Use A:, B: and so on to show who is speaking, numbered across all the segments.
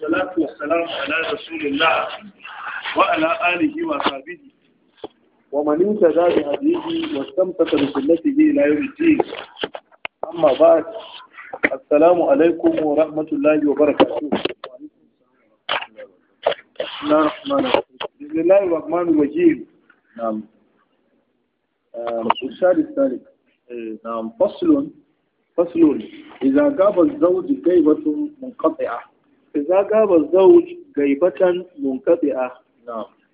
A: salatu wassalamu ala rasulillah wa ala alihi wa sahbihi wa man intaza bi hadihi wa stamtaka bi sunnatihi ila yawm za ka ba zauj gaibatan a.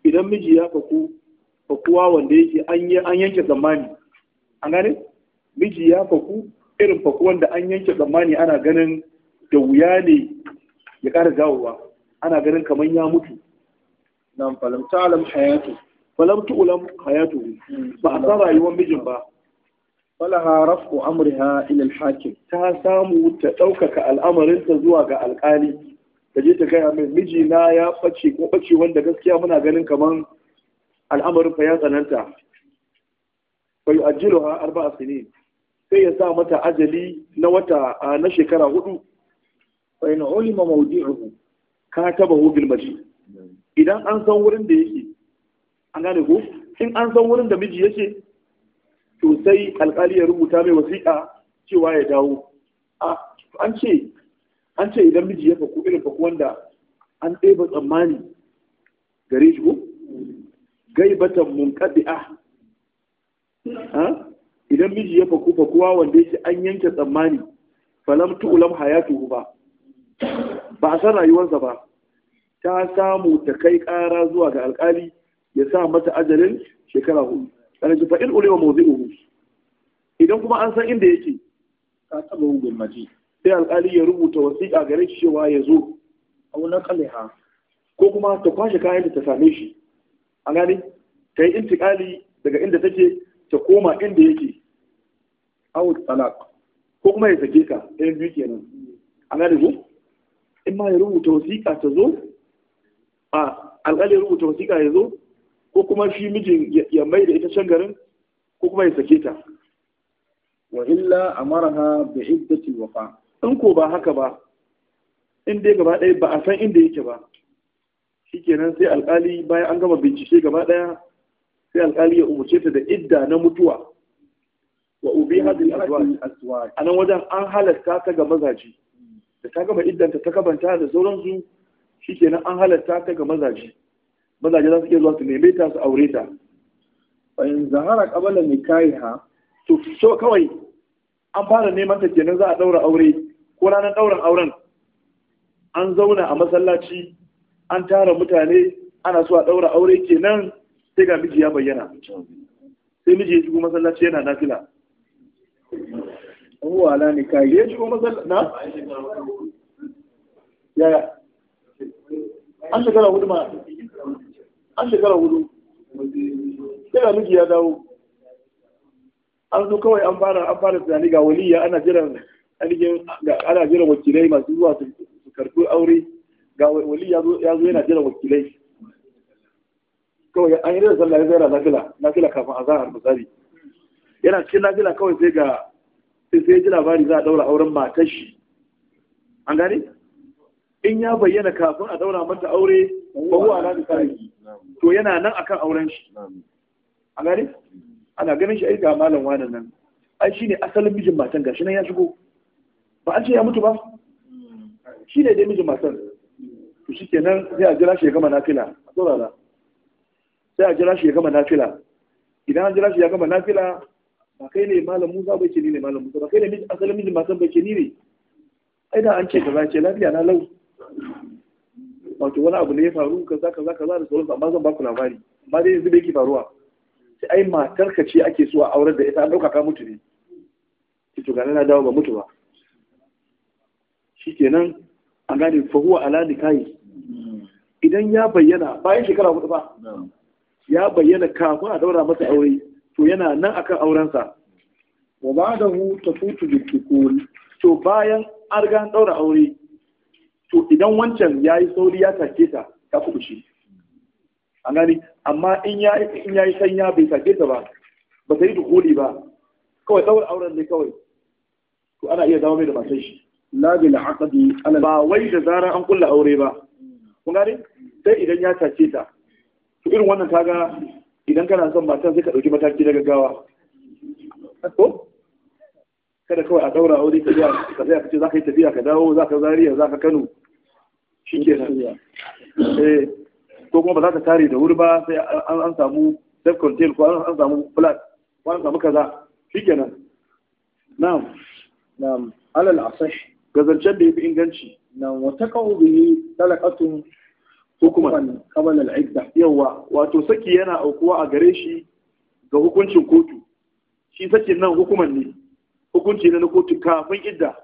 A: idan miji ya faku fakuwa wanda yake an yanke tsammani an gane miji ya faku irin faku da an yanke tsammani ana ganin da wuya ne ya ƙara dawowa ana ganin kamar ya mutu nan falam ta'lam hayatu falam tu'lam hayatu hmm. ba a san rayuwar mijin ba falaha rafu amriha ila al-hakim ta samu ta ɗaukaka al'amarinta zuwa ga alƙali ta je ta gaya mai mijina ya ɓace ko ɓace wanda gaskiya muna ganin kamar al'amarin fa ya tsananta bai ajiro ha arba sinin sai ya sa mata ajali na wata na shekara hudu bai na ulima maudi'uhu ka taba hubil maji idan an san wurin da yake an gane ko in an san wurin da miji yake to sai alkali ya rubuta mai wasiƙa cewa ya dawo an ce an ce idan miji ya faku irin faku wanda an ɗeba tsammani gare shi ko gaibatan munqadi'a ha idan miji ya faku fakuwa wanda yake an yanke tsammani falam tu'lam hayatuhu ba ba a san rayuwarsa ba ta samu ta kai ƙara zuwa ga alƙali ya sa mata ajalin shekara hudu kana ji in ulewa uku. idan kuma an san inda yake ka taba hubul maji sai alƙali ya rubuta wasiƙa gare shi cewa ya zo a wani ha? ko kuma ta kwashe kayan da ta same shi a gani ta yi intiƙali daga inda take ta koma inda yake awu talaq ko kuma ya sake ka ɗayan biyu kenan a gani ko in ma ya rubuta wasiƙa ta zo a alƙali ya rubuta wasiƙa ya zo ko kuma shi mijin ya mai da ita can garin ko kuma ya sake ta wa illa amaraha bi iddatil wafa in ko ba haka ba in dai gaba ɗaya ba a san inda yake ba Shi kenan sai alkali bayan an gama bincike gaba ɗaya sai alkali ya umarce ta da idda na mutuwa wa ubi hadin azwaj a nan wajen an halatta ta ga mazaji da ta gama iddanta ta kabanta da sauransu Shi kenan an halatta ta ga mazaji mazaje za su iya zuwa su neme ta su aure ta bayan zahara kayi nikahiha to so kawai an fara neman ta kenan za a daura aure ko ranar ɗaurin auren an zauna a masallaci an tara mutane ana so a ɗaura aure kenan sai ga miji ya bayyana sai miji ya shigo masallaci yana nafila huwa ala nikahi ya shigo masallaci na yaya an shekara hudu ma an shekara hudu sai ga miji ya dawo an zo kawai an fara an fara tunani ga waliya ana jiran ainihin ana jiran wakilai masu zuwa su karɓi aure ga wali ya zo yana jiran wakilai kawai an yi da sallah ya zaira nafila nafila kafin a zahar misali yana cikin nafila kawai sai ga sai ji labari za a daura auren matar shi an gane in ya bayyana kafin a daura mata aure ba huwa na misali to yana nan akan auren shi an gane ana ganin shi aika ga malam wanan nan ai shine asalin mijin matan gashi nan ya shigo ba an ce ya mutu ba shi ne dai matan su shi kenan sai a jira shi ya gama nafila a tsorara sai a jira shi ya gama nafila idan an jira shi ya gama nafila ba kai ne malam musa bai ce ni ne malam musa ba kai ne asalin mijin matan bai ce ni ne ai da an ce za ce lafiya na lau wato wani abu ne ya faru za ka za da sauransu amma zan baku labari amma dai yanzu bai ki faruwa sai ai matar ka ce ake so a aurar da ita an dauka ka mutu ne ki ga na dawo ba mutu ba shikenan an gane fa huwa ala nikahi idan ya bayyana bayan shekara hudu ba ya bayyana kafin a daura masa aure to yana nan akan aurensa wa ba da hu ta futu bitukul to bayan an riga daura aure to idan wancan ya yi sauri ya take ta ta kubuce an gani amma in ya in yayi sanya bai take ta ba ba ta yi dukuli ba kawai daura auren ne kawai to ana iya dawo mai da matan shi la bil aqdi ba wai da zarar an kulla aure ba kun gane sai idan ya tace ta to irin wannan kaga idan kana son matan sai ka dauki mataki na gaggawa ko kada kawai a daura aure ka biya ka sai ka ce zaka yi tafiya ka dawo zaka Zaria zaka Kano shikenan eh ko kuma ba za ka tare da wuri ba sai an samu self contain ko an samu flat ko an samu kaza shikenan na'am na'am alal asah ga zancen da ya fi inganci nan wata kawo bihi talakatun hukuman kabal al'idda yawa wato saki yana aukuwa a gare shi ga hukuncin kotu shi saki nan hukuman ne hukunci ne na kotu kafin idda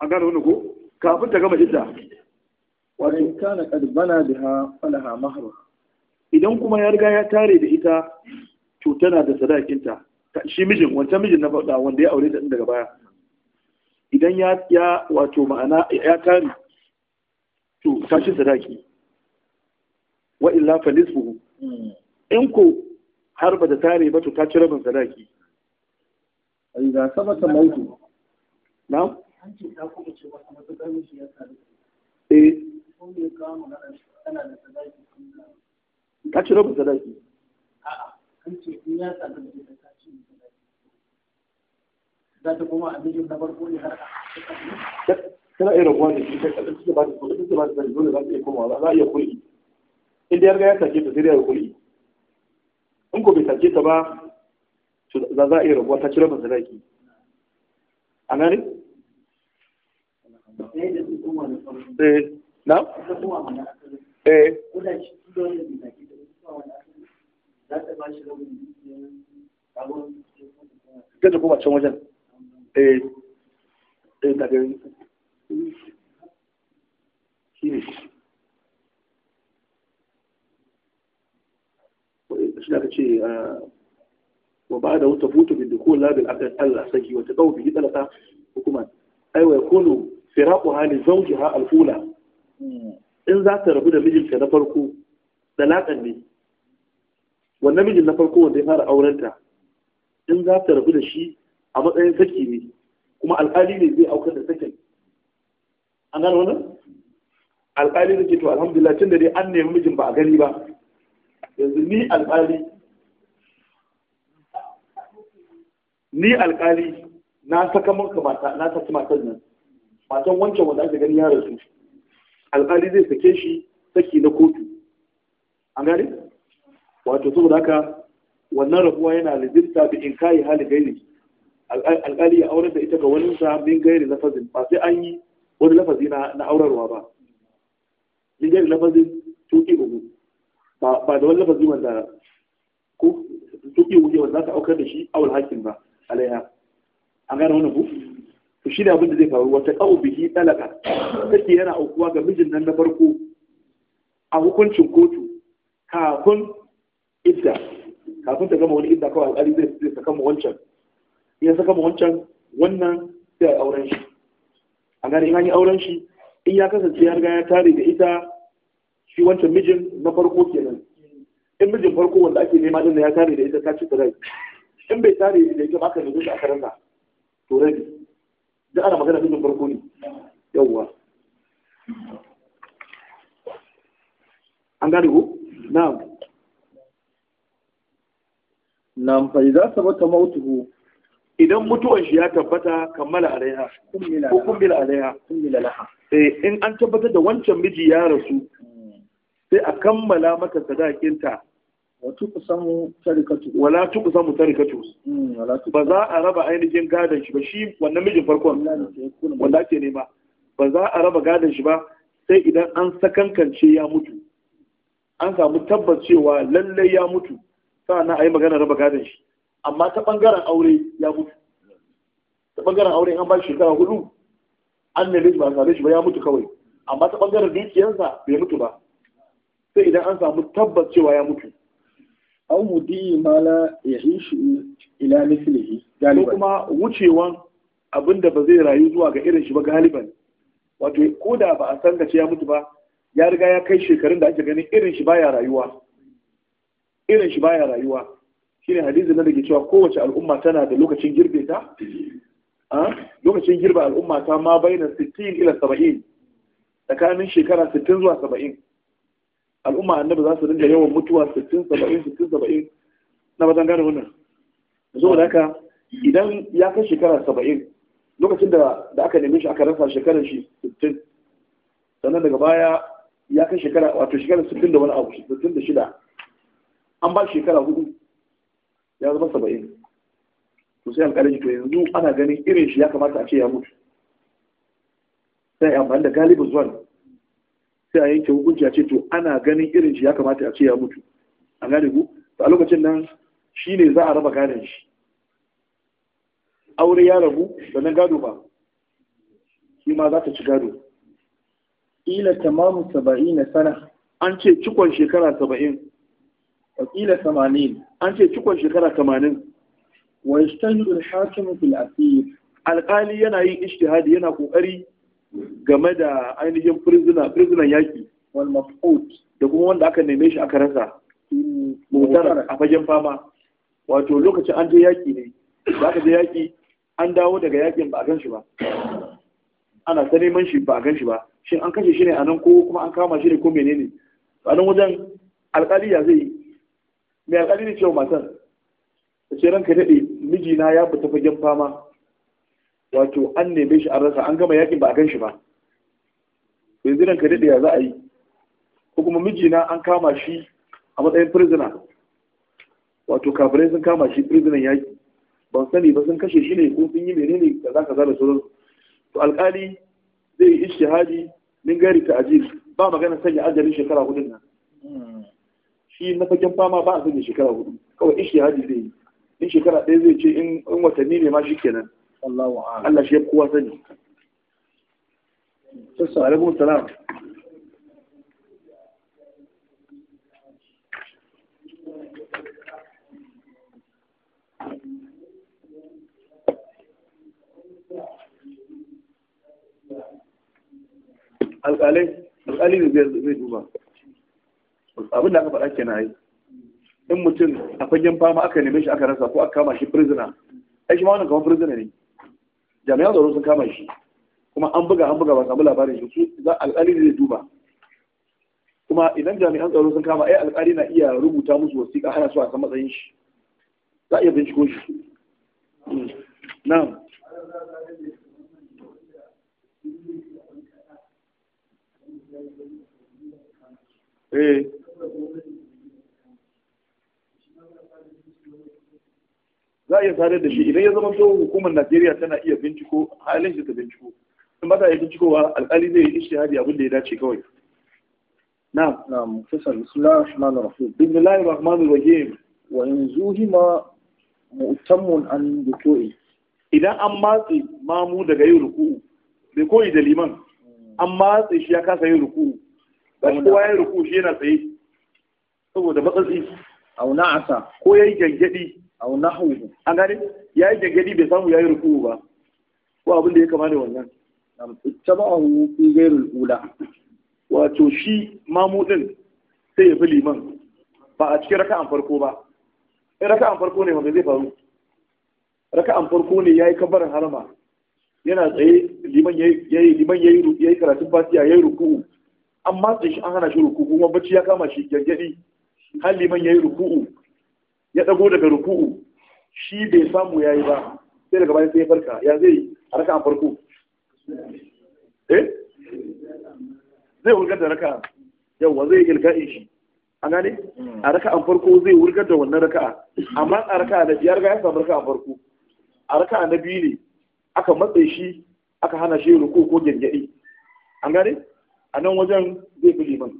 A: A gane wani ko kafin ta gama idda wato in kana qad bana biha falaha mahar idan kuma ya riga ya tare da ita to tana da sadakinta shi mijin wancan mijin na faɗa wanda ya aure ta daga baya idan ya ya wato ma'ana ya tari to tashi sadaki wa illa fa nisfuhu hmm. in ko har ba da tare ba to ta ci rabin sadaki idza sabata mautu na'am an ce ta kuma ce wata matukar miji ya tare eh ta ci rabin sadaki a'a an ce in ya tare da za ta koma a na farko ne har tana iya rabuwa da shi kai da ba ta kuɗi da ba ta dole za ta iya komawa za a iya kuɗi in da ya take ta sai ya kuɗi in ko bai take ta ba za za a iya rabuwa ta cire ba a gane eh, eh na eh kada can wajen eh, eh ah, wa ba da wata dukkan labin akan Allah saki wata ai firaku hali in za ta rabu da mijinta na farko ne wannan mijin na farko wanda ya fara aurenta in za ta rabu da shi a matsayin saki ne kuma alƙali ne zai aukar da sakin an gano wannan alƙali ne ke to alhamdulillah tun da dai an nemi mijin ba a gani ba yanzu ni alƙali ni alƙali na saka maka mata na saki matan nan matan wancan wanda aka gani ya rasu alƙali zai sake shi saki na kotu an gane wato saboda haka wannan rabuwa yana lazimta bi in kai hali gaini alƙali ya aurar da ita ga wani sa min gairi lafazin ba sai an yi wani lafazi na aurarwa ba min gairi lafazin tuki ugu ba da wani lafazi wanda ko tuki ugu wanda za ka aukar da shi awul hakin ba alaiha an gane wani ku to shi da abin da zai faru wata ƙau bihi ɗalaka take yana aukuwa ga mijin nan na farko a hukuncin kotu kafin idda kafin ta gama wani idda kawai alƙali zai saka mu wancan ya saka ma wancan wannan sai a auren shi a gani in an yi auren shi in ya kasance ya riga ya tare da ita shi wancan mijin na farko kenan in mijin farko wanda ake nema din ya tare da ita ta ci tsirai in bai tare da ita ba ka nemi shi a karanta to rabi da ana magana mijin farko ne yawwa an gane ko na'am na'am fa idza sabata mautuhu idan mutuwan shi ya tabbata kammala raiha ko kummila alaiha eh, in an tabbatar da wancan miji ya rasu sai a kammala mata sadakinta wala tuku samu tarikatu hmm, ba za a raba ainihin gadon shi ba shi wannan mijin farkon wanda ake nema ba za a raba gadon shi ba sai idan an sakankance ya mutu an samu tabbacewa lallai ya mutu na a yi magana raba gadon shi amma ta bangaren aure ya mutu ta bangaren aure an ba shi shekara hudu an ne ba sare shi ba ya mutu kawai amma ta bangaren dukiyarsa bai mutu ba sai idan an samu tabbas cewa ya mutu an wudi mala ya yi shi ila mislihi ko kuma wucewan abin da ba zai rayu zuwa ga irin shi ba galiban wato ko da ba a san da ya mutu ba ya riga ya kai shekarun da ake ganin irin shi baya rayuwa irin shi baya rayuwa shine hadisin da ke cewa kowace al'umma tana da lokacin girbe ta lokacin girbe al'umma ta ma bayyana 60 ila 70 tsakanin shekara 60 zuwa 70 al'umma annabi za su dinga yawan mutuwa 60 70 60 saba'in na bazan gane wannan da haka idan ya kai shekara 70 lokacin da aka neme shi aka rasa shekarar shi 60 sannan daga baya ya kai shekara wato shekara 60 da wani abu 66 an ba shekara hudu ya zama saba'in to sai alƙalin to yanzu ana ganin irin shi ya kamata a ce ya mutu sai a amfani da galibin zuwan sai a yanke hukunci a ce to ana ganin irin shi ya kamata a ce ya mutu A gane ku to a lokacin nan shi ne za a raba gadon shi aure ya rabu sannan gado ba shi ma za ta ci gado ila tamamu saba'in sana an ce cikon shekara saba'in wakila samanin an ce cikon shekara tamanin wa yastahidu al-hakim fil asir alƙali yana yin ishtihadi yana kokari game da ainihin prisoner prisoner yaki wal mafqud da kuma wanda aka neme shi aka rasa mutar a fagen fama wato lokacin an je yaki ne za ka je yaki an dawo daga yakin ba a gan shi ba ana ta neman shi ba a gan shi ba shin an kashe shi ne a nan ko kuma an kama shi ne ko menene Ba nan wajen alƙali ya zai mai alƙali ne cewa matan? ta ce ranka daɗe mijina ya fita fagen fama wato an neme shi an rasa an gama yaƙin ba a gan shi ba yanzu ranka daɗe ya za a yi ko kuma mijina an kama shi a matsayin prisoner wato kafirai sun kama shi prisoner yaƙi ban sani ba sun kashe shi ne ko sun yi menene kaza kaza da sauran to alƙali zai yi ishtihadi min gari ta ajiyar ba magana sanya ajalin shekara hudun nan hmm. shi na fagen fama ba a sanya shekara hudu kawai in shahadi zai yi in shekara ɗaya zai ce in watanni ne ma shi kenan Allah shi ya kowa sani sassu alaikum salam alƙalai alƙali zai duba abin da aka faɗa kenan ai in mutum a fagen fama aka neme shi aka rasa ko aka kama shi prisoner ai shi ma wannan kamar prisoner ne jami'an tsaro sun kama shi kuma an buga an buga ba samu labarin shi za alƙali zai duba kuma idan jami'an tsaro sun kama ai alƙali na iya rubuta musu wasiƙa ana so a san matsayin shi za a iya binciko shi na'am eh za a iya sadar da shi idan ya zama to hukumar najeriya tana iya binciko halin shi ta binciko in ba ta iya bincikowa alƙali zai yi ishihadi abin da ya dace kawai na na mufisar bismillah rahman rahim bismillah rahman rahim wa yanzu hima mu'tammun an dukoi idan an matsi mamu daga yin ruku'u, bai koyi da liman an matsi shi ya kasa yin ruku ba kowa ya ruku shi yana tsaye saboda matsatsi au Asa, ko ya yi a gangadi Hauwa. A gani ya yi gangadi bai samu ya yi ruku ba ko abin da ya kama da wannan a ittaba'ahu ko ghairil ula wato shi mamu din sai ya fi liman ba a cikin raka'an farko ba in raka'an farko ne wanda zai faru raka'an farko ne ya yi kabarin harama yana tsaye liman ya yi karatun fasiya ya yi ruku. An amma sai shi an hana shi ruku, kuma bacci ya kama shi gangadi har liman ya yi ruku'u ya ɗago daga ruku'u shi bai samu ya yi ba sai daga bayan sai ya farka ya zai a raka farko eh zai wurgar da raka wa zai ilka'in shi an gane a raka an farko zai wurgar da wannan raka'a amma a raka'a na biyar ga ya samu raka'a farko a raka'a na biyu ne aka matse shi aka hana shi ruku ko gyangyaɗi an gane a nan wajen zai bi liman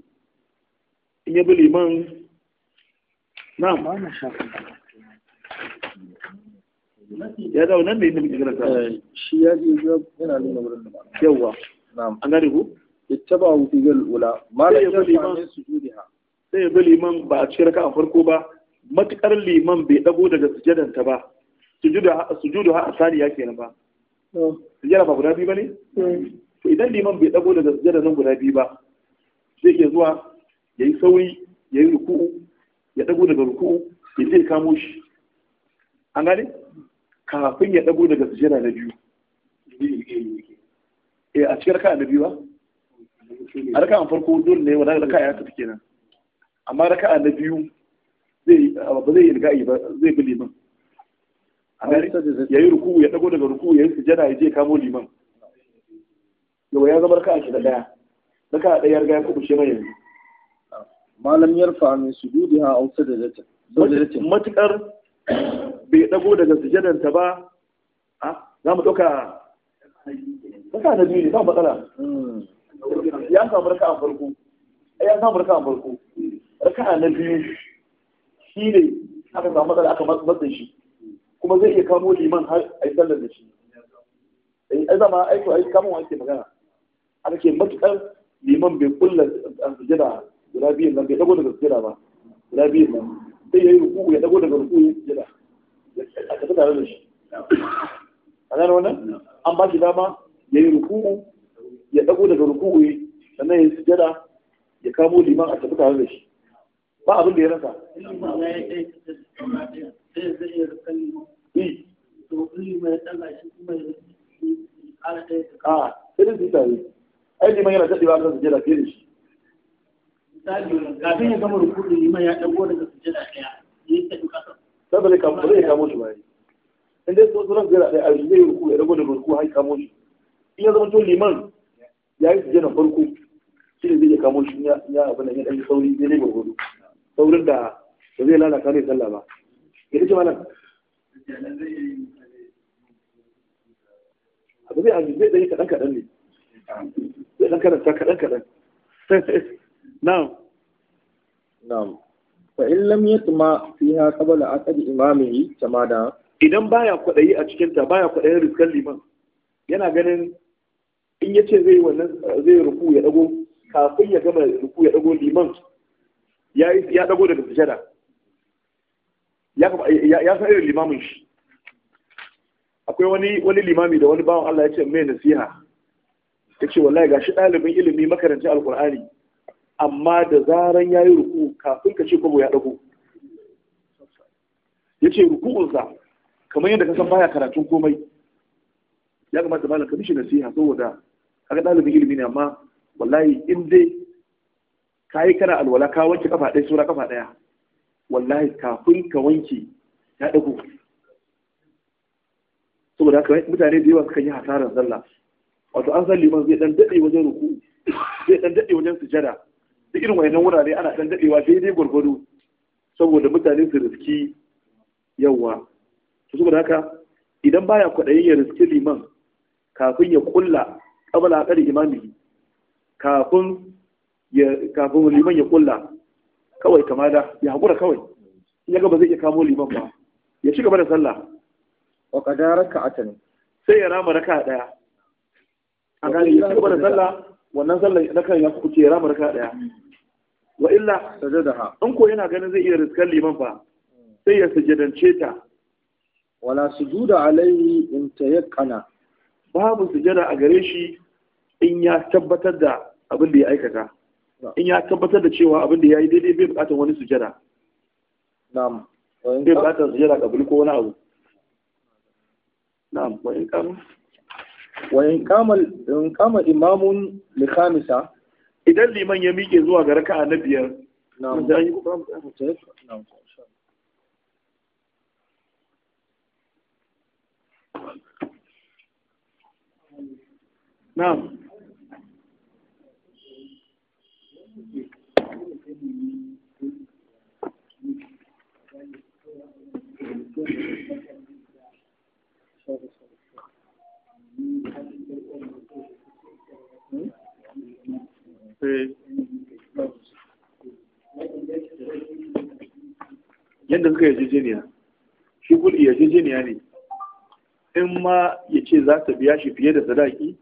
A: in ya bi liman ba na shafa ya dawo nan muke eh, shi ya yana nuna wurin da ba an gane ku ma sai ya bi liman ba a cikin raka'a farko ba matukar liman bai dago daga ba sujudu ha ya kenan ba sujada ba guda biyu ba ne idan liman bai dago daga sujada nan guda biyu ba zai iya zuwa yayi sauri yayi ruku'u ya dago daga ruku'u ya je kamo shi an gane kafin ya dago daga sujada na biyu eh a cikin raka'a na biyu ba a raka'an farko dole ne wannan raka'a ya tafi kenan amma raka'a na biyu zai ba zai riga yi ba zai bi liman a gane ya yi ruku'u ya dago daga ruku'u ya yi sujada ya je kamo liman yawa ya zama raka'a shi da daya raka'a daya ya riga ya kubuce mai yanzu malam dudu ha sujudiha da sadadata matukar bai dago daga sujadanta ba za mu dauka raka na biyu ne ba matsala ya samu raka a farko ya samu raka a farko raka na biyu shi ne aka samu matsala aka matsa shi kuma zai iya kamo liman har a yi sallar da shi ai zama aiko ai kamo ake magana aka ce matukar liman bai kulla sujada guda biyun nan bai dago daga sujjada ba guda biyun nan sai ya yi ruku ya dago daga ruku ya sujjada a tafi tare da shi a gane wannan an ba shi dama ya yi ruku ya dago daga ruku ya sannan ya sujjada ya kamo liman a tafi tare da shi ba abin da ya rasa a sai da su tare ai liman yana daɗewa kan sujjada fiye da shi kafin ya gama rukuni liman ya dago daga sujjada daya ya tafi kasa saboda kan kamo shi bai in dai tsoron jira daya a zai ruku ya dago daga ruku har kamo shi in ya zama to liman ya yi sujjada farko shi ne zai ya kamo shi ya abu da ya dan sauri zai ne gurgudu saurin da ba zai lalata ne sallah ba ya kace malam abu zai ajiye zai dan kaɗan kaɗan ne zai kaɗan karanta kaɗan kaɗan na'am na'am fa idan baya kwadayi a cikin ta baya kwadayin rizkan liman yana ganin in yace zai wannan zai ruku ya dago kafin ya gama ruku ya dago liman ya ya daga sujada ya san irin limamin shi akwai wani wani limami da wani bawan Allah ya ce mai nasiha yace wallahi gashi ɗalibin ilimi makarantar alqur'ani amma da zaran ya yi ruku kafin ka ce kwabo ya ɗago ya ce ruku'unsa kamar yadda kasan baya karatun komai ya kamata malam ka mishi da saboda ga ɗalibin ilimi ne amma wallahi in dai ka yi kana alwala ka wanke kafa ɗaya saura kafa ɗaya wallahi kafin ka wanke ya ɗago saboda haka mutane da yawa suka yi hasarar sallah wato an san liman zai ɗan daɗe wajen ruku zai ɗan daɗe wajen sujada da irin wayannan wurare ana dan dadewa daidai gurgudu saboda mutane su riski yawa to saboda haka idan baya kwaɗayin ya riski liman kafin ya kulla qabla aqal imami kafin ya kafin liman ya kulla kawai kamada ya hakura kawai in ya ga ba zai iya kamo liman ba ya ci gaba da sallah wa qada raka'atan sai ya rama raka'a daya
B: a ga ya ci gaba da sallah
A: wannan sallah na kan ya kuce ya rama raka'a daya wa illa sajadaha in ko yana ganin zai iya riskar liman fa sai ya sujudance ta wala sujuda alaihi in tayaqqana babu sujada a gare shi in ya tabbatar da abin da ya aikata in ya tabbatar da cewa abin da ya yi daidai bai bukatar wani sujada na'am bai bukatar sujada kabul ko wani abu na'am wa in kama wa in kama imamun li idan liman ya miƙe zuwa ga raka'a na biyar na'am Thank you. yadda suka yarjejeniya shi kudi yarjejeniya ne in ma ya ce za ta biya shi fiye da sadaki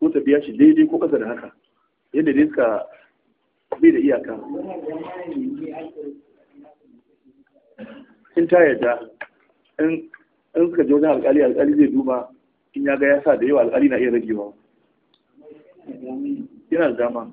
A: ko ta biya shi daidai ko ƙasa da haka yadda dai suka bi da iyaka in ta yarda in suka je wajen alƙali alƙali zai duba in ya ga ya sa da yawa alƙali na iya ragewa yana dama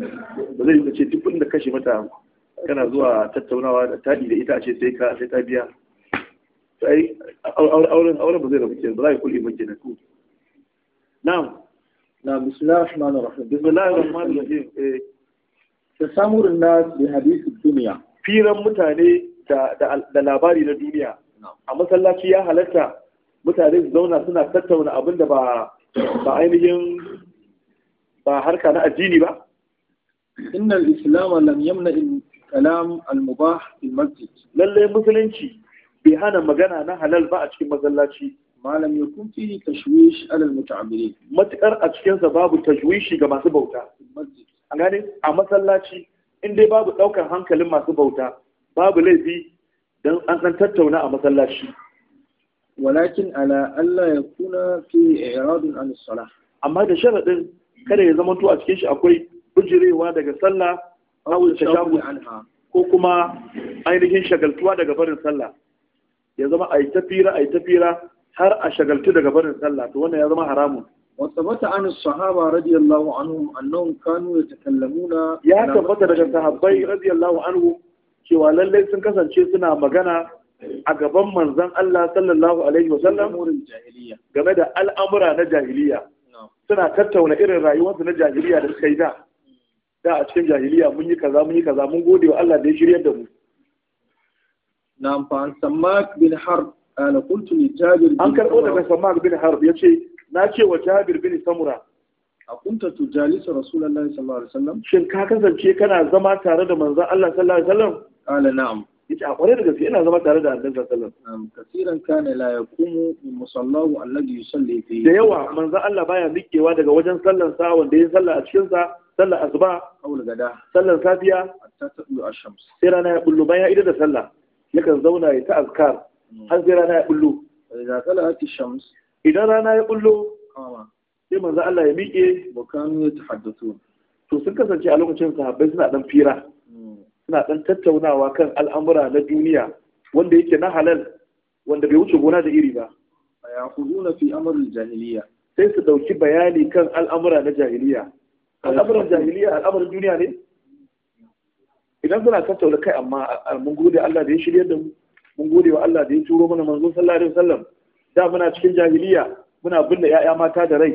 A: ba zai yi ce duk da kashe mata kana zuwa tattaunawa da taɗi da ita a ce sai ka sai ta biya sai auren auren ba zai rabu kenan ba za ka kulle ba kenan ku na'am na bismillahir rahmanir rahim bismillahir rahmanir rahim eh samurin na bi hadisi duniya firan mutane da labari na duniya a masallaci ya halatta mutane su zauna suna tattauna abin da ba ainihin ba harka na addini ba inna al-islam lam yamna kalam al-mubah fil musulunci bai hana magana na halal ba a cikin masallaci malam kun fi tashwish alal muta'abbiri matakar a cikin sa babu tashwishi ga masu bauta a masallaci in dai babu ɗaukar hankalin masu bauta babu laifi dan an san tattauna a masallaci walakin Allah ya kuna fi i'radin amma da sharadin kada ya zama a cikin shi akwai bujirewa daga sallah awul tashaqqu anha ko kuma ainihin shagaltuwa daga barin sallah ya zama ai tafira ai tafira har a shagaltu daga barin sallah to wannan ya zama haramun وثبت عن الصحابة رضي الله عنهم أنهم كانوا يتكلمون Ya tabbata daga sahabbai radiyallahu anhu cewa lallai sun kasance suna magana a gaban manzan Allah sallallahu alaihi wasallam game da al'amura na jahiliya suna tattauna irin rayuwarsu na jahiliya da suka yi da da a cikin jahiliya mun yi kaza mun yi kaza mun gode wa Allah da ya shiryar da mu Na fa samak bin harb ana kuntu ni jabir an karbo daga samak bin harb yace na ce wa jabir bin samura a kunta tu tujalisa rasulullahi sallallahu alaihi wasallam shin ka kasance kana zama tare da manzon Allah sallallahu alaihi wasallam qala na'am yace a kware daga gaske ina zama tare da annabi sallallahu alaihi wasallam kasiran kana la yakumu min musallahu alladhi yusalli fihi da yawa manzon Allah baya miƙewa daga wajen sallan sa wanda ya salla a cikin sa sallar asuba sallar safiya sai rana ya bullo bayan ya idar da sallah yakan zauna ya ta azkar mm. har sai rana ya bullo idan rana ya bullo sai manzo Allah ya miƙe wa kanu yatahaddathu to sun kasance a lokacin sahabbai suna dan fira mm. suna dan tattaunawa kan al'amura na duniya wanda yake na halal wanda bai wuce gona da iri ba ya khuzuna fi amr al-jahiliya sai su dauki bayani kan al'amura na jahiliya al'amuran jahiliya al'amuran duniya ne idan suna tattauna kai amma mun gode Allah da ya shirya da mu mun gode wa Allah da ya turo mana manzo sallallahu alaihi wasallam da muna cikin jahiliya muna binne ƴaƴa mata da rai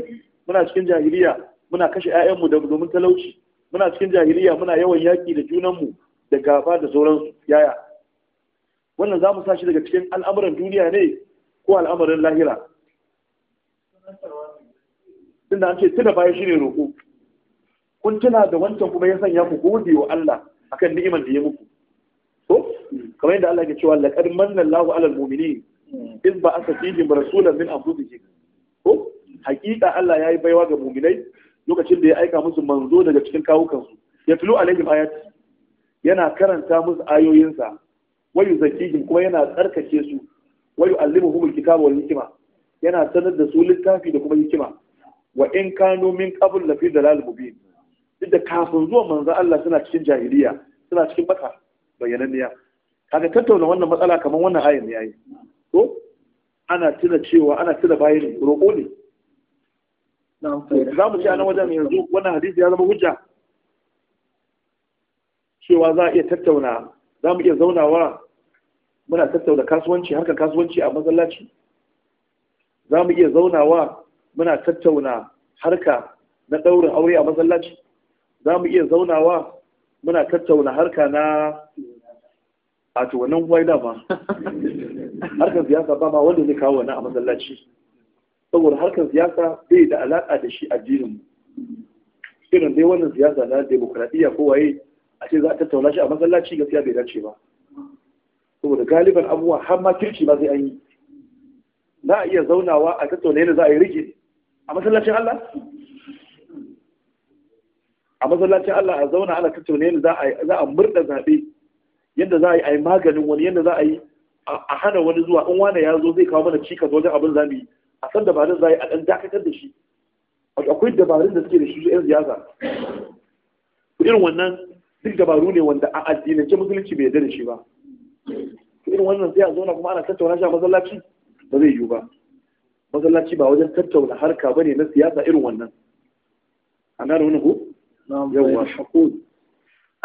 A: muna cikin jahiliya muna kashe mu da domin talauci muna cikin jahiliya muna yawan yaƙi da junanmu da gafa da sauran yaya wannan za mu sa shi daga cikin al'amuran duniya ne ko al'amuran lahira tunda an ce tuna baya ne roƙo kun tuna da wancan kuma ya sanya ku gode wa Allah akan ni'imar da ya muku to kamar yadda Allah ke cewa laqad manna Allahu 'alal mu'minin iz ba'atha fihim rasulan min anfusihim ko hakika Allah yayi baiwa ga mu'minai lokacin da ya aika musu manzo daga cikin kawukansu ya tulu alaihim ayati yana karanta musu ayoyinsa wayu zakihim kuma yana tsarkake su wayu allimuhum alkitaba wal hikma yana sanar da su littafi da kuma hikima wa in kanu min qabl fi dalal mubin duk da kafin zuwa manzo Allah suna cikin jahiliya suna cikin bata bayyananniya kaga tattauna wannan matsala kamar wannan ayin yayi to ana tuna cewa ana tuna bayan roƙo ne za mu ci a nan wajen yanzu wannan hadisi ya zama hujja cewa za a iya tattauna za mu iya zaunawa muna tattauna kasuwanci harkar kasuwanci a masallaci za mu iya zaunawa muna tattauna harka na ɗaurin aure a masallaci za mu iya zaunawa muna tattauna harka na a to wannan wai dama harkar siyasa ba ma wanda zai kawo wani a masallaci saboda harkar siyasa bai da alaƙa da shi addinin irin dai wannan siyasa na demokuraɗiyya ko waye a ce za a tattauna shi a masallaci gaskiya bai dace ba saboda galiban abubuwa har ma kirki ba zai an yi za a iya zaunawa a tattauna yadda za a yi rike a masallacin Allah a masallacin Allah a zauna ana tattauna yadda za a murda zaɓe yadda za a yi maganin wani yadda za a yi a hana wani zuwa in wani ya zo zai kawo mana cikas wajen abin za mu yi a san dabarun za a yi a ɗan dakatar da shi akwai dabarun da suke da shi yan siyasa irin wannan duk dabaru ne wanda a addinance musulunci bai yarda da shi ba irin wannan sai a zauna kuma ana tattauna shi a masallaci ba zai yiwu ba masallaci ba wajen tattauna harka ba ne na siyasa irin wannan an gane wani ko a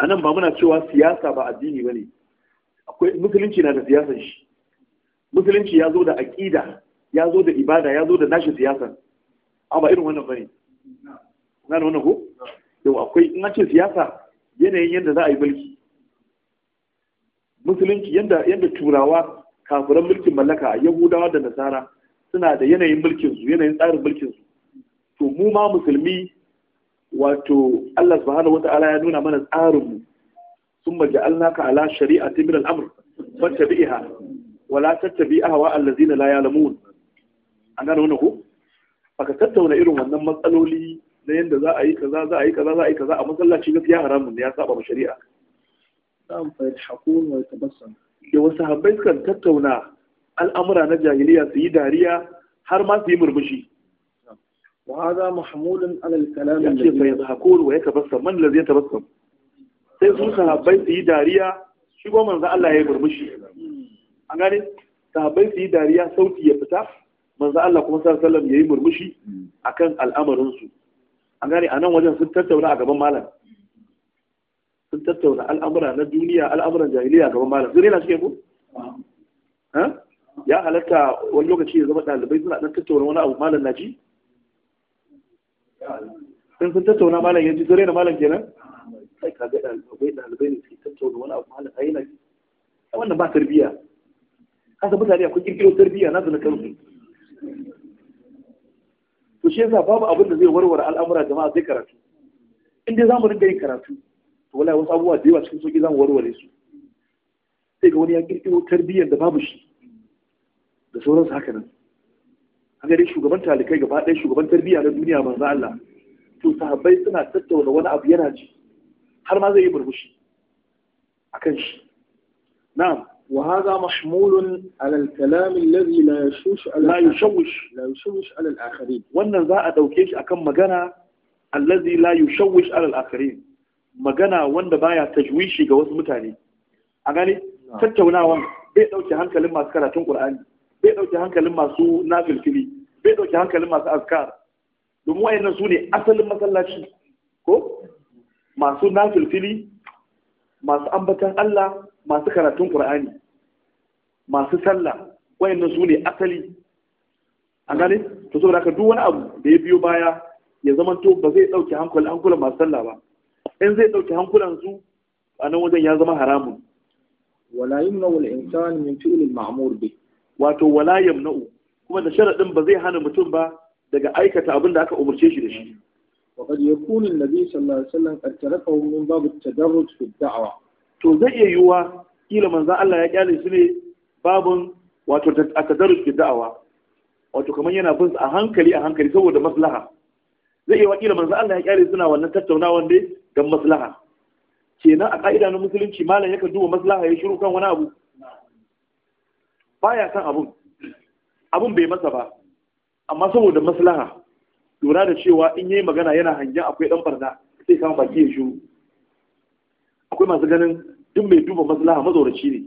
A: nan ba muna cewa siyasa ba addini ba ne akwai musulunci na da siyasar shi musulunci ya zo da aƙida ya zo da ibada ya zo da nashi siyasan amma irin wannan ba ne na da wannan ko yau akwai in an ce siyasa yanayin yadda za a yi mulki musulunci yadda turawa kafiran mulkin mallaka yahudawa da nasara suna da yanayin mulkinsu yanayin tsarin mulkinsu to mu ma musulmi wato Allah subhanahu wata'ala ya nuna mana tsarin mu sun maja'alnaka ala shari'a, shari'atin min al'amr fattabi'ha wala tattabi ahwa allazina la ya'lamun an gane wani ko baka tattauna irin wannan matsaloli na yadda za a yi kaza za a yi kaza za a yi kaza a masallaci gaskiya haramun da ya saba ma shari'a na'am fa yashakun wa yatabassam da wasu habbai sukan tattauna al'amura na jahiliya su yi dariya har ma su yi murmushi وهذا محمول على الكلام الذي فيضحكون ويتبسم من الذي يتبسم sai sun sahabbai su yi dariya shi ko manzo Allah ya burmushi an gane sahabbai su yi dariya sauti ya fita manzo Allah kuma sallallahu alaihi wasallam yayi murmushi akan al'amarin su an gani a nan wajen sun tattauna a gaban malam sun tattauna al'amura na duniya al'amuran jahiliya a gaban malam sun rena shi ko ya halatta wani lokaci ya zama ɗalibai suna ɗan tattauna wani abu malam na ji in sun tattauna malam ya ji zure da malam kenan sai ka ga ɗalibai dalibai ne suke tattauna wani abu malam ayi na a wannan ba tarbiyya kasa mutane akwai kirkiro tarbiyya na zana kansu to shi yasa babu abin da zai warware al'amura jama'a sai karatu in dai zamu dinga yin karatu to wallahi wasu abubuwa da yawa cikin sauki zamu warware su sai ga wani ya kirkiro tarbiyyar da babu shi da sauransu haka nan an gani shugaban talikai gaba ɗaya shugaban tarbiyya na duniya manzo Allah to sahabbai suna tattauna wani abu yana ji har ma zai yi burbushi akan shi na'am وهذا محمول على الكلام الذي لا يشوش على لا يشوش لا يشوش على الاخرين wannan za a dauke shi akan magana allazi la yushawish ala al-akharin magana wanda baya tajwishi ga wasu mutane a gani tattaunawan bai dauke hankalin masu karatun qur'ani bai dauke hankalin masu nafilfili bai dauke hankalin masu askar domin wayannan su ne asalin masallaci ko masu nafilfili masu ambatan Allah masu karatun Qur'ani masu sallah wayannan su ne asali an gane to saboda haka duk wani abu da ya biyo baya ya zama to ba zai dauke hankulan hankulan masu sallah ba in zai dauke hankulan su a nan wajen ya zama haramun wala yumna wal insan min fi'l al ma'mur bih wato wala na'u. kuma da sharaɗin ba zai hana mutum ba daga aikata abin da aka umarce shi da shi وقد يكون النبي صلى الله عليه وسلم قد تركه من باب التدرج في الدعوة to zai iya yiwuwa kila za Allah ya kyale su ne babun wato a tadarus fi da'awa wato kamar yana bin a hankali a hankali saboda maslaha zai iya man za Allah ya kyale suna wannan tattaunawa ne don maslaha kenan a ka'ida na musulunci malam yakan duba maslaha ya shiru kan wani abu baya san abun abun bai masa ba amma saboda maslaha lura da cewa in yayi magana yana hangen akwai dan barna sai kama baki ya shiru akwai masu ganin duk mai duba maslaha mazauraci ne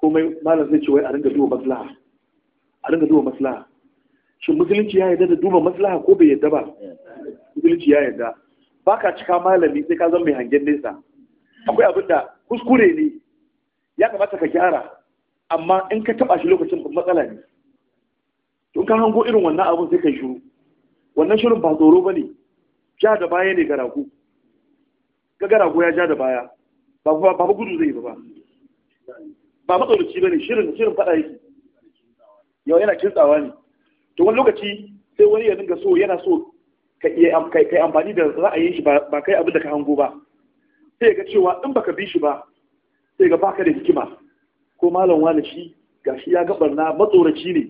A: komai malam zai ce wai a ringa duba maslaha a ringa duba maslaha shin musulunci ya yarda da duba maslaha ko bai yarda ba musulunci ya yarda baka cika malami sai ka zama mai hangen nesa akwai abin da kuskure ne ya kamata ka gyara amma in ka taba shi lokacin matsala ne to ka hango irin wannan abun sai kai shiru wannan shirin ba tsoro bane ja da baya ne ga rago ga rago ya ja da baya ba ba gudu zai ba ba matsalaci bane shirin shirin fada yake yau yana kintsawa ne to wani lokaci sai wani ya dinga so yana so ka kai amfani da ra'ayin shi ba kai abin da ka hango ba sai ga cewa in baka bi shi ba sai ga baka da hikima ko malam wani shi gashi ya ga barna matsoraci ne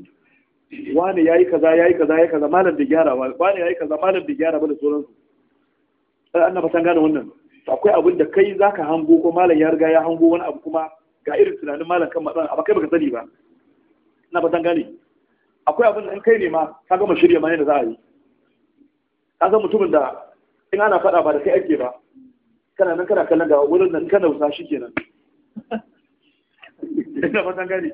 A: wani ya yi kaza ya yi kaza ya kaza malam bai gyara ba wani ya yi kaza malam bai gyara ba da sauransu sai eh, annaba san gane wannan akwai abin da kai zaka hango ko malam ya riga ya hango wani abu kuma ga irin tunanin malam kan matsan amma kai baka sani ba ina ba gane akwai abin da in kai ne ma ka gama shirya ma yadda za a yi ka san mutumin da in ana faɗa ba da kai ake ba kana nan kana kallon ga wurin nan kana wusa shi kenan ina fatan gane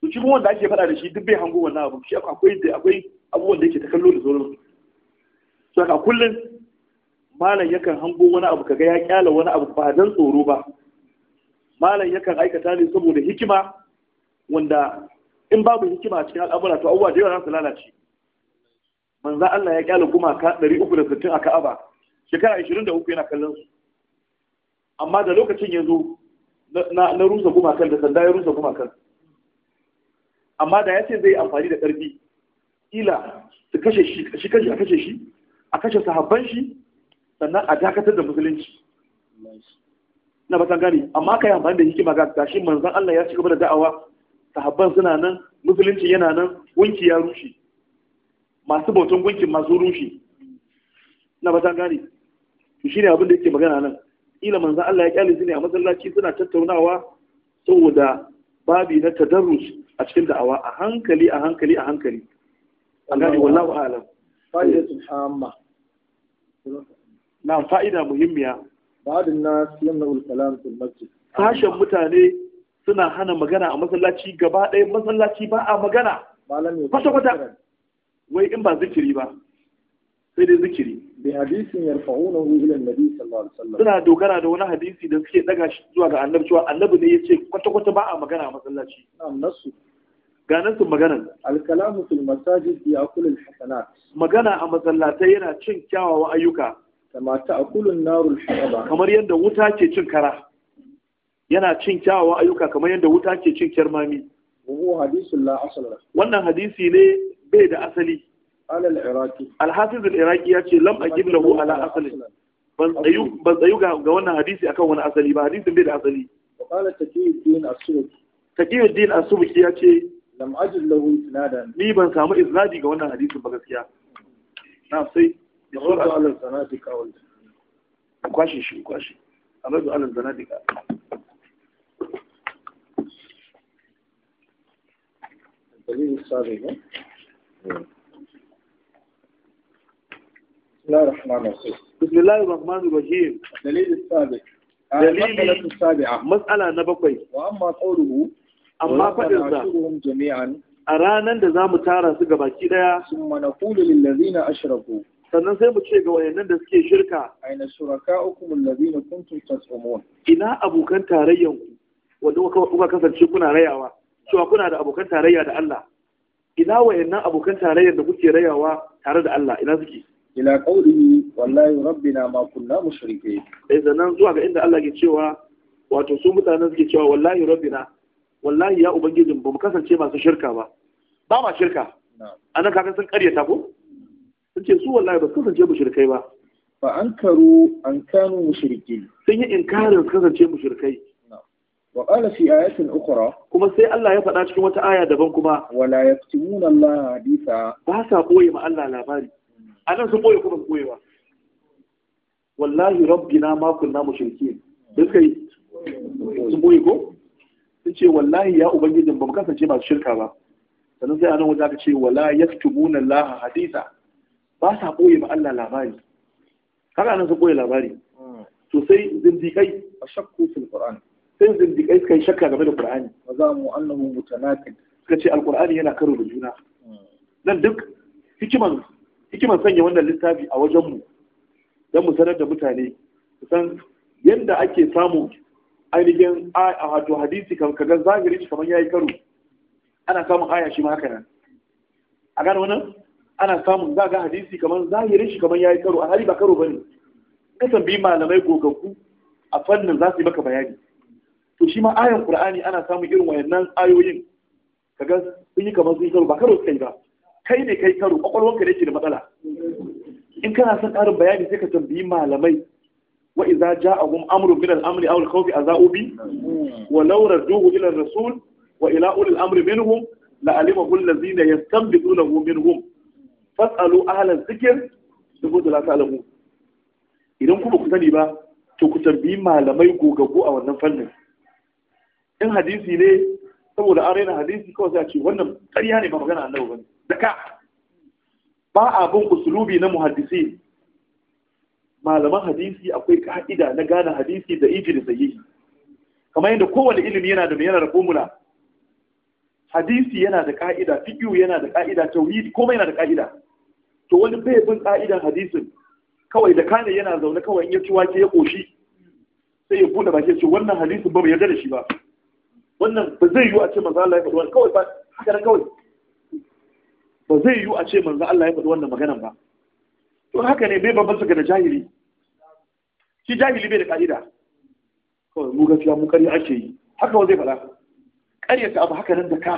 A: to shi wanda ake faɗa da shi duk bai hango wannan abu shi akwai da akwai abubuwan da yake ta kallo da sauran su haka kullum malam yakan hango wani abu kaga ya kyala wani abu ba dan tsoro ba malam yakan aikata ne saboda hikima wanda in babu hikima a cikin al'amura to abubuwa da yawa za su lalace manzo Allah ya kyala gumaka 360 a Ka'aba shekara 23 yana kallon su amma da lokacin ya zo na rusa gumakan da sanda ya rusa gumakan amma da ya ce zai amfani da ƙarfi ila su kashe shi a kashe shi a kashe sahabban shi sannan a dakatar da musulunci na batan gani amma kai yi amfani da hikima ga gashi manzon Allah ya ci gaba da da'awa sahabban suna nan musulunci yana nan gunki ya rushe masu bautan gunkin masu rushe na batan gani to shine abin da yake magana nan kila manzan Allah ya kyale su ne a masallaci suna tattaunawa saboda babi na tadarrus a cikin da'awa a hankali a hankali a hankali A gani wallahu alam fa'idatun amma na fa'ida muhimmiya ba'adun nas yamna kalam fil masjid sashen mutane suna hana magana a masallaci gaba ɗaya masallaci ba a magana kwata kwata wai in ba zikiri ba sai dai zikiri bi hadisin yarfa'unahu ila annabi sallallahu alaihi wasallam suna dogara da wani hadisi da suke daga shi zuwa ga annabi cewa annabi ne yace kwata kwata ba a magana a masallaci na'am nasu ganin su maganar al-kalamu fil masajid ya'kulu al-hasanat magana a masallatai yana cin kyawawan ayyuka kama ta'kulu an-naru al kamar yadda wuta ke cin kara yana cin kyawawan ayyuka kamar yadda wuta ke cin kyarmami wa wannan hadisi ne bai da asali Alhafiz al-Iraqi ya ce lam aqib lahu ala asali ban tsayu ga wannan hadisi akan wani asali ba hadisin bai da asali qala taqiyuddin as-subki taqiyuddin as-subki ya ce lam lahu isnadan ni ban samu isnadi ga wannan hadisin ba gaskiya na sai yarda ala kwashi shi بسم الله الرحمن الرحيم دليل السابع دليل السابعة مسألة نبقي وأما قوله أما فإن جميعا a ranar da za mu tara su ga baki daya sun manakulu lillazina ashraku sannan sai mu ce ga wayannan da suke shirka aina shurakaukum allazina kuntum tasumun ina abokan tarayyan ku wanda kuka kasance kuna rayawa cewa kuna da abokan tarayya da Allah ina wayannan abokan tarayyan da kuke rayawa tare da Allah ina suke ila qawlihi wallahi rabbina ma kunna mushrikeen eh nan zuwa ga inda Allah ke cewa wato su mutanen suke cewa wallahi rabbina wallahi ya ubangijin ba mu kasance masu shirka ba ba ma shirka anan kaga sun karyata ko sun ce su wallahi ba su kasance mushrikai ba fa ankaru an kanu mushrikin sun yi inkarin su kasance mushrikai wa qala fi ayatin ukhra kuma sai Allah ya faɗa cikin wata aya daban kuma wala yaktumuna Allah hadisa ba sa koyi ma Allah labari a nan sun boye kuma su boye ba wallahi na ma kunna mushrikeen da suka yi sun boye ko sun ce wallahi ya ubangijin ba mu kasance masu shirka ba sannan sai a nan wajen aka ce wala yaktubuna laha hadisa ba sa boye ma Allah labari kaga nan sun boye labari to sai zindikai a shakku fil qur'an sai zindikai suka yi shakka game da qur'ani wa za mu annahu mutanaqid suka ce alqur'ani yana karo da juna hmm. nan duk hikimar hikimar sanya wannan littafi a wajenmu don mu sanar da mutane san yadda ake samu ainihin a wato hadisi kaga zahiri shi kamar yayi karo ana samun aya shi ma haka nan a gane wannan ana samun za ga hadisi kamar zahiri shi kamar yayi karo A alhali ba karo bane Kasan bi malamai gogaggu a fannin za su yi maka bayani to shi ma ayan qur'ani ana samun irin wayannan ayoyin kaga sun yi kamar sun karo ba karo suka yi ba kai ne kai karo kwakwalwanka da ke da matsala in kana son ƙarin bayani sai ka tambayi malamai wa idza ja'ahum amrun min al-amri aw al-khawfi azau wa law radduhu ila ar-rasul wa ila ulil amri minhum la alimahu allazina yastanbitunahu minhum fas'alu ahla adh-dhikr in kuntum la alamu. idan kuma ku sani ba to ku tambayi malamai gogaggu a wannan fannin in hadisi ne saboda an raina hadisi kawai sai a ce wannan ƙarya ne ba magana annabi ne. zaka ba abun usulubi na muhaddisi malaman hadisi akwai ka'ida na gane hadisi da ijiri sahihi kamar yadda kowane ilimi yana da yana da formula hadisi yana da ka'ida fiqh yana da ka'ida tauhid komai yana da ka'ida to wani bai bin ka'idan hadisin kawai da kane yana zaune kawai in ya ci wake ya koshi sai ya bude baki ya ce wannan hadisin ba bai yarda da shi ba wannan ba zai yiwu a ce manzo Allah ya faɗi wannan kawai ba haka kawai ba zai yiwu a ce manzo Allah ya faɗi wannan maganan ba to haka ne bai babban ga da jahili shi jahili bai da ka'ida kawai mu gaskiya mu ƙarya ake yi haka wa zai faɗa ƙarya ta abu haka nan da ka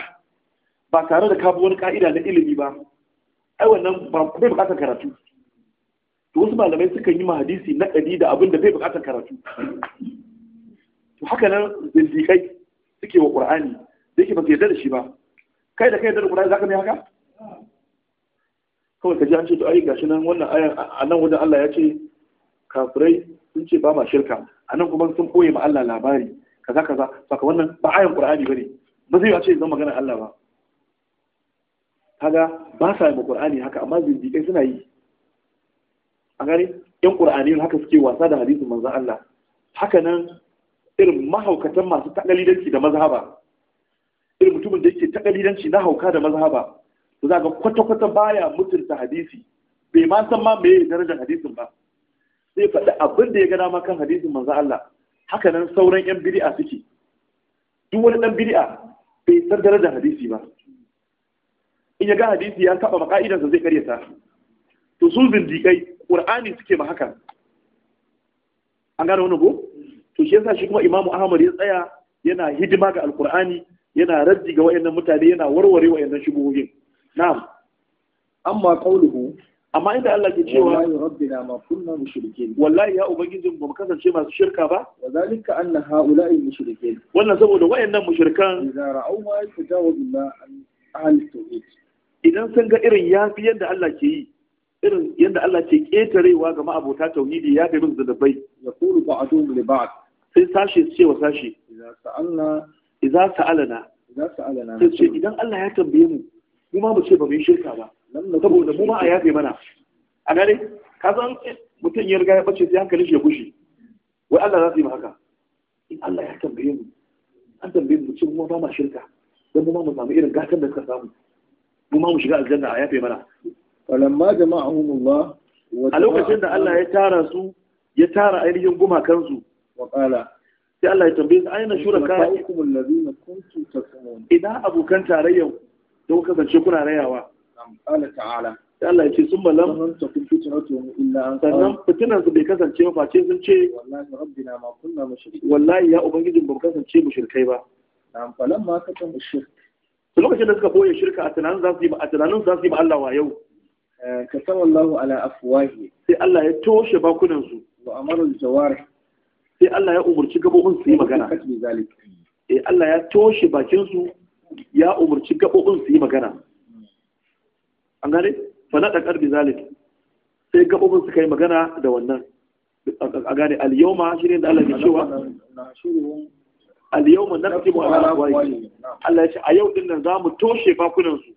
A: ba tare da ka bi wani ka'ida na ilimi ba ai wannan ba bai buƙatar karatu to wasu malamai suka yi ma hadisi na ɗari da abin da bai buƙatar karatu to haka nan zindiƙai suke wa ƙur'ani da yake ba su yarda da shi ba kai da kai yarda da ƙur'ani za ka mai haka kawai ka ji an ce to ai gashi nan wannan ayan a nan wajen Allah ya ce kafirai sun ce ba ma shirka a nan kuma sun koye ma Allah labari kaza kaza saka wannan ba ayan Qur'ani bane ba zai ce zan magana Allah ba kaga ba sa yi Qur'ani haka amma zindiƙai suna yi a gare yan Qur'ani haka suke wasa da hadisin manzon Allah haka nan irin mahaukatan masu takalidanci da mazhaba irin mutumin da yake takalidanci na hauka da mazhaba to za ga kwata-kwata baya mutunta hadisi bai ma san ma me darajar hadisin ba sai faɗi abin da ya gana ma kan hadisin manzo Allah haka nan sauran yan bid'a suke duk wani dan bid'a bai san darajar hadisi ba in ya ga hadisi ya ka'idar maka'idansa zai karyata to su bindikai qur'ani suke ma haka an gane wani ko to shi yasa shi kuma imamu ahmad ya tsaya yana hidima ga alqur'ani yana raddi ga wayannan mutane yana warware wayannan shubuhoyin na'am amma qauluhu amma inda Allah ke cewa wallahi rabbina ma kunna mushrikin wallahi ya ubangijin ba mu kasance masu shirka ba wa zalika anna haula'i mushrikin wannan saboda wayannan mushrikan idza ra'aw ma yatajawazu ma an tauhid idan sun ga irin yadda Allah ke yi irin yadda Allah ketarewa ga ma'abota tauhidi ya fi musu zadabai ya kulu ba'dhum li ba'd sai sashe su ce wa sashe idza sa'alna idza sa'alana idza sa'alana sai idan Allah ya tambaye mu mu ma mu ce ba mu yi shirka ba saboda mu ma a yafe mana a gane ka san mutum ya riga ya bace sai hankalin shi ya gushe wai Allah za su yi ma haka in Allah ya tambaye mu an tambaye mu ce mu ma ba ma shirka dan mu ma mu samu irin gatan da suka samu mu ma mu shiga aljanna a yafe mana falamma jama'ahumullah a lokacin da Allah ya tara su ya tara ainihin gumakansu wa qala sai Allah ya tambaye su aina shuraka ina abokan tarayyan don kasance kuna rayawa Allah ta'ala Allah ya ce sun malam sannan fitinan su bai kasance ba face sun ce wallahi ya ubangijin bamu kasance mushrikai ba falan ma kasan mushrik to lokacin da suka boye shirka a tunanin za su yi a tunanin za su yi ba Allah wa yau eh, ka san wallahu ala afwahi sai Allah ya toshe bakunan su wa amarul jawar sai Allah ya umurci gabobin su yi magana eh Allah ya toshe bakin su ya umarci gaɓoɓin su yi magana an gane fana da ƙarfi zalik sai gaɓoɓin su yi magana da wannan a gane al shi ne da Allah ke cewa na yawma naktimu ala afwahihim Allah ya ce a yau din nan mu toshe bakunan su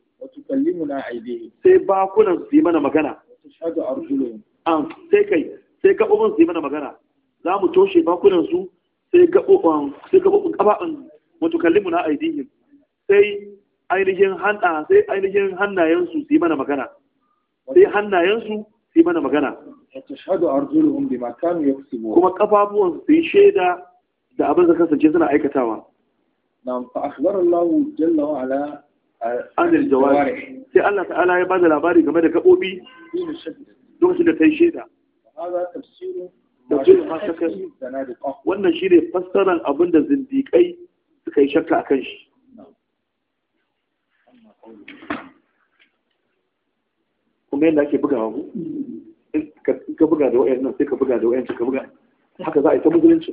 A: sai bakunan su yi mana magana an sai kai sai gaɓoɓin su yi mana magana za mu toshe bakunan su sai gaɓoɓin gaɓaɓin mutukallimu na aidihim sai ainihin hanna sai ainihin hannayensu su yi mana magana sai hannayensu su yi mana magana kuma kafafuwan su yi shaida da abin da kasance suna aikatawa na'am fa akhbara Allah jalla wa ala anil jawari sai Allah ta'ala ya bada labari game da gabobi lokacin da ta yi shaida wannan shi ne fassarar abin da zindiƙai suka yi shakka a kan shi kuma yadda ake buga hagu ka buga da wayan nan sai ka buga da wayan ka buga haka za a yi ta musulunci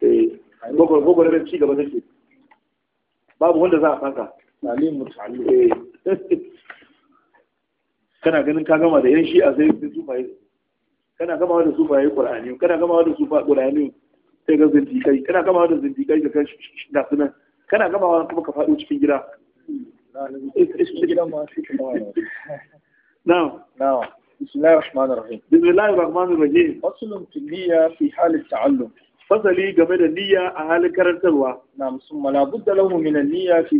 A: eh gwagwarren ci gaba take babu wanda za a na ne mutane eh kana ganin ka gama da yan zai sai su sufaye kana gama da sufaye qur'ani kana gama da sufaye qur'ani sai ga zindikai kana gama da zindikai ga kan da sunan kana gama kuma ka faɗo cikin gida نعم نعم بسم الله الرحمن الرحيم بسم الله الرحمن الرحيم فصل في النية في حال التعلم fasali game da niyya a halin karantarwa na musamman la budda lahu niyya fi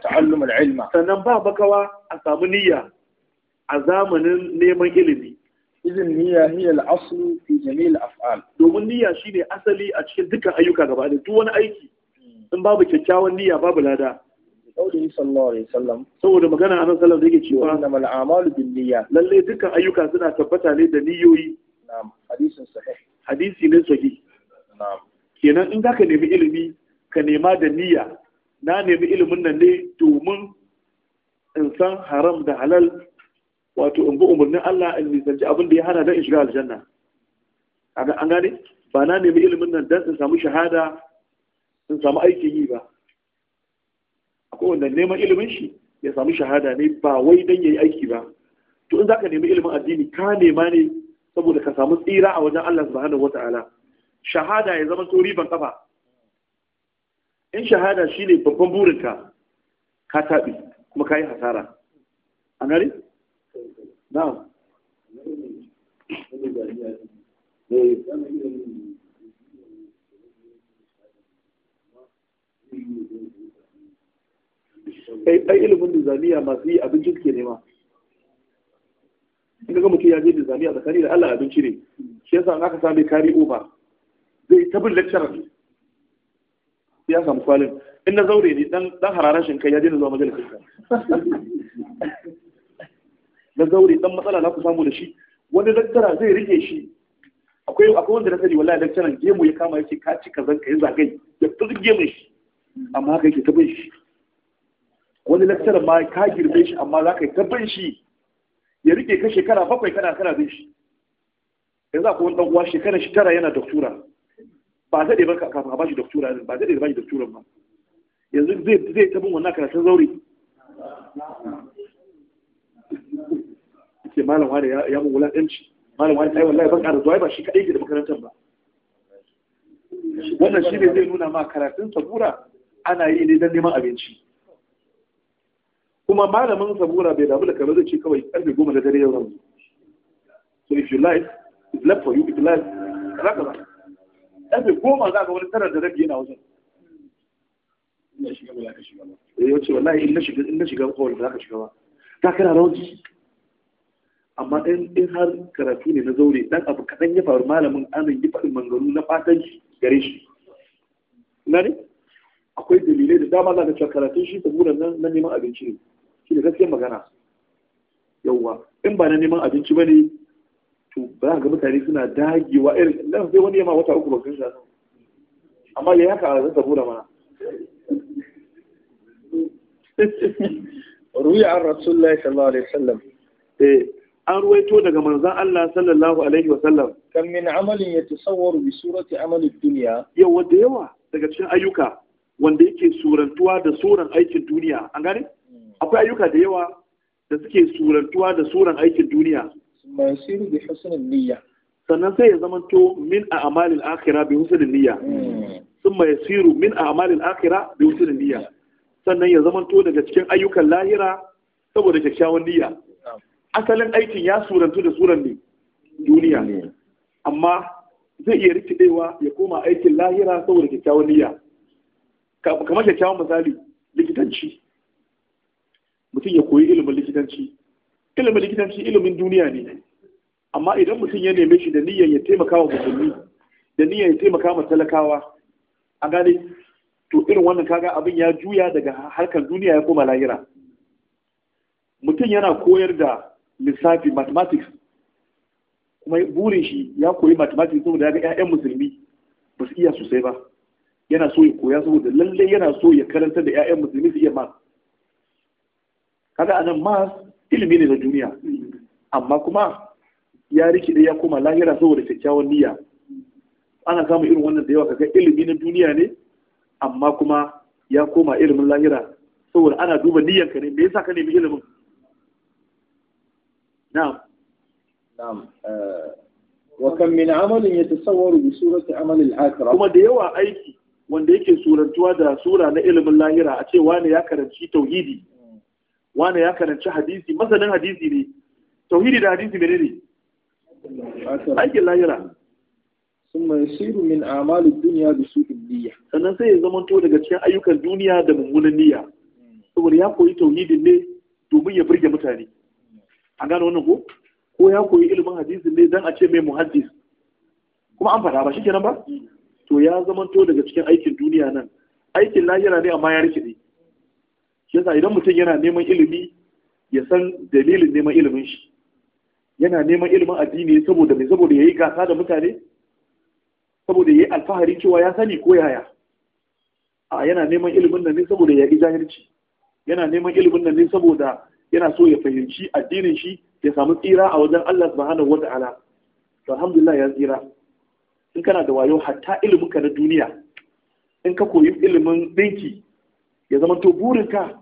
A: ta'allum ilma sannan ba bakawa a samu niyya a zamanin neman ilimi izin niyya hiya al fi afal domin niyya shine asali a cikin duka ayyuka gaba aiki in babu kyakkyawan niyya babu lada qaulihi sallallahu alaihi wasallam saboda magana a sallallahu alaihi wasallam yake cewa mal a'malu niyya. lalle dukkan ayyuka suna tabbata ne da niyoyi na'am hadisin sahih hadisi ne sahi. na'am kenan in zaka nemi ilimi ka nema da niyya na nemi ilimin nan ne domin in san haram da halal wato in bi umarnin Allah in nisanci abin da ya hana don in shiga aljanna an gane ba na nemi ilimin nan don in samu shahada sun samu aikin yi ba akwai wanda neman ilimin shi ya samu shahada ne ba wai don ya yi aiki ba to in za ka nemi ilimin addini ka nema ne saboda ka samu tsira a wajen Allah subhanahu wata'ala shahada ya zama tori ban kafa in shahada shine babban burinka ka taɓi kuma ka yi hasara an na'am ai ilimin nizamiya masu yi abinci suke nema in ga mutum ya je nizamiya tsakani da Allah abinci ne shi yasa aka same kari uba zai ta bin lecturer ne ya samu kwalin in na zaure ne dan hararar shinkai ya je zuwa majalisar ka na zaure dan matsala na ku samu da shi wani lecturer zai rike shi akwai akwai wanda na sani wallahi lecturer gemu ya kama yake ka ci kazan ka yi zagai ya fi gemu shi amma ka yi ta bin shi wani lakcarar ma ka girbe shi amma za ka yi ta bin shi ya rike ka shekara bakwai kana kana bin shi yanzu akwai wani ɗan'uwa shekara shi tara yana doktura ba zai ɗaya baka kafin a bashi doktura ba zai da ba shi doktura ba yanzu zai zai ta bin wannan karatun zaure ke malam wani ya mu wulaƙanci malam wani ai wallahi ban ƙara zuwa ba shi kaɗai ke da makarantar ba wannan shi ne zai nuna ma karatun sabura ana yi ne don neman abinci kuma malamin sabura bai damu da kamar zai ce kawai karfe goma da dare yau nan so if you like it's left for you if you like kaza kaza karfe goma za ka wani tara da rabi yana wajen eh yace wallahi in na shiga in na shiga kawai da ka shiga ba ta kana rawar jiki amma in har karatu ne na zaure dan abu kaɗan ya faru malamin anan yi faɗin mangaru na fatan gare shi na ne akwai dalilai da dama za ka cewa karatun shi sabunan nan na neman abinci ne shi da gaskiyar magana yawwa in ba na neman abinci ba ne to ba ga mutane suna dagewa irin nan sai wani yamma wata uku ba sun sha amma ya haka a zan sabura mana ruya an rasulullahi sallallahu alaihi wasallam eh an ruwaito daga manzon Allah sallallahu alaihi wasallam kan min amalin yatasawwaru bi surati amali dunya yawa da yawa daga cikin ayyuka wanda yake surantuwa da suran aikin duniya an gane akwai ayyuka da yawa da suke surantuwa da suran aikin duniya sannan sai ya zamanto min a akira bai bi husnul niyya hmm. sun siru min a akira bai bi husnul niyya sannan ya zamanto daga cikin ayyukan lahira saboda kyakkyawan niyya hmm. asalin aikin ya surantu da suran ne duniya hmm. amma zai iya rikidewa ya koma aikin lahira saboda kyakkyawan niyya kamar kyawun misali likitanci mutum ya koyi ilimin likitanci ilimin likitanci ilimin duniya ne amma idan mutum ya neme shi da niyyar ya taimaka wa musulmi da niyyar ya taimaka wa talakawa a gane to irin wannan kaga abin ya juya daga harkar duniya ya koma lahira mutum yana koyar da lissafi mathematics kuma burin shi ya koyi mathematics saboda ya ga 'ya'yan musulmi ba su iya sosai ba yana so ya koya saboda lallai yana so ya karanta da 'ya'yan musulmi su iya mas kaga anan mas ilimi ne na duniya amma kuma ya rikide ya koma lahira saboda kyakkyawan niyya ana samun irin wannan da yawa kaga ilimi na duniya ne amma kuma ya koma ilimin lahira saboda ana duba ka ne me yasa ka nemi ilimin na'am na'am eh, wa kam min amalin yatasawwaru bi surati amal al-akhirah kuma da yawa aiki wanda yake surantuwa da sura na ilimin lahira a ce wane ya karanci tauhidi wane ya karanci hadisi masanin hadisi ne tauhidi da hadisi mene ne aikin lahira sun mai siru min amalin duniya da su niyya sannan sai ya zamanto daga cikin ayyukan duniya da mummunan niyya saboda ya koyi tauhidin ne domin ya burge mutane A gano wannan ko ko ya koyi ilimin hadisi ne dan a ce mai muhaddis kuma an faɗa ba shi kenan ba to ya zamanto daga cikin aikin duniya nan aikin lahira ne amma ya rikide shi yasa idan mutum yana neman ilimi ya san dalilin neman ilimin shi yana neman ilimin addini saboda mai saboda yayi gasa da mutane saboda yayi alfahari cewa ya sani ko yaya a yana neman ilimin nan ne saboda ya jahilci yana neman ilimin nan ne saboda yana so ya fahimci addinin shi ya samu tsira a wajen Allah subhanahu wata'ala alhamdulillah ya tsira in kana da wayo hatta ilimin na duniya in ka koyi ilimin ɗinki ya zama to burinka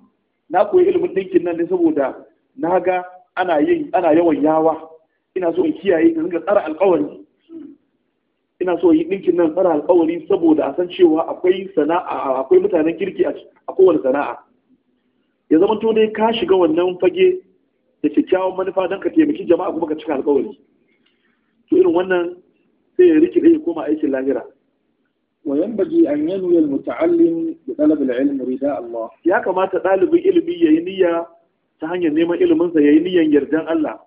A: na koyi ilimin ɗinkin nan ne saboda na ga ana yin ana yawan yawa ina so in kiyaye in ga tsara alƙawari ina so yi ɗinkin nan tsara alƙawari saboda a san cewa akwai sana'a akwai mutanen kirki a kowane sana'a ya zama to dai ka shiga wannan fage da kyakkyawan manufa don ka taimaki jama'a kuma ka cika alƙawari to irin wannan sai ya rikide ya koma aikin lahira wa yanbaghi an yanwi al muta'allim bi talab al ilm rida Allah ya kamata dalibin ilimi yayi niyya ta hanyar neman ilimin sa yayi niyyan yardan Allah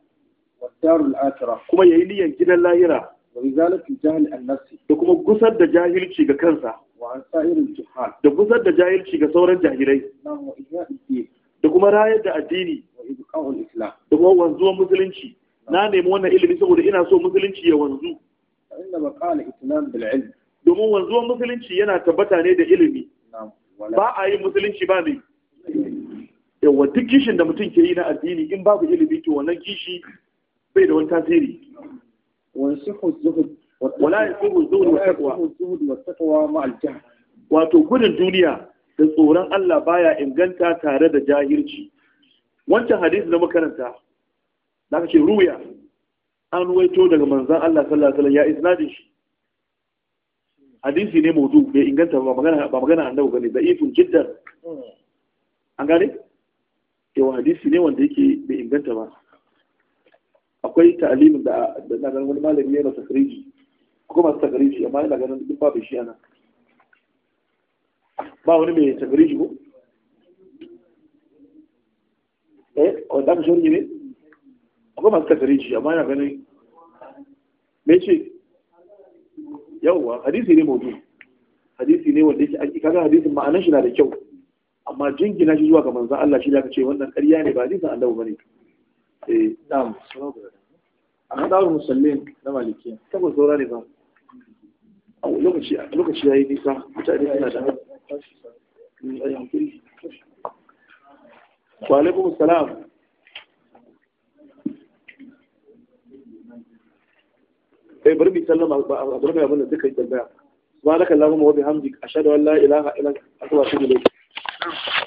A: wa darul akhirah kuma yayi niyyan gidan lahira wa rizalatu jahil an nafsi da kuma gusar da jahilci ga kansa wa sa'irul juhal da gusar da jahilci ga sauran jahilai da kuma rayar da addini da kuma wanzuwar musulunci na nemi wannan ilimi saboda ina so musulunci ya wanzu inda maqala islam domin wanzuwan musulunci yana tabbata ne da ilimi ba a yi musulunci ba ne yawa kishin da mutum ke yi na addini in babu ilimi to wannan kishi bai da wani tasiri wala yasihu zuhud wa taqwa ma al wato gudun duniya da tsoron Allah baya inganta tare da jahilci wancan hadisi na makaranta da aka ce ruya an ruwaito daga manzan Allah sallallahu alaihi wasallam ya isnadin shi hadisi ne mawdu bai inganta ba magana ba magana annabi bane da ifun jiddan an gane Yau hadisi ne wanda yake bai inganta ba akwai ta'alimin da da na ganin wani malami yana takriji ko masu takriji amma ina ganin duk babu shi ana ba wani mai takriji ko eh wanda ka shi ne ko masu takriji amma ina ganin me ce yawwa hadisi ne mawdu hadisi ne wanda yake kaga hadisin ma'anar shi na da kyau amma jingina shi zuwa ga manzon Allah shi da aka ce wannan ƙarya ne ba hadisin annabi bane eh na'am a hadar musallin na maliki takwas saura ne ba a lokaci lokaci yayi nisa mutane suna da wa alaikum salam kai eh, bari mu sallama a bari abin da suka yi tambaya subhanaka allahumma wa Hamdi ashada an la ilaha illa anta astaghfiruka wa atubu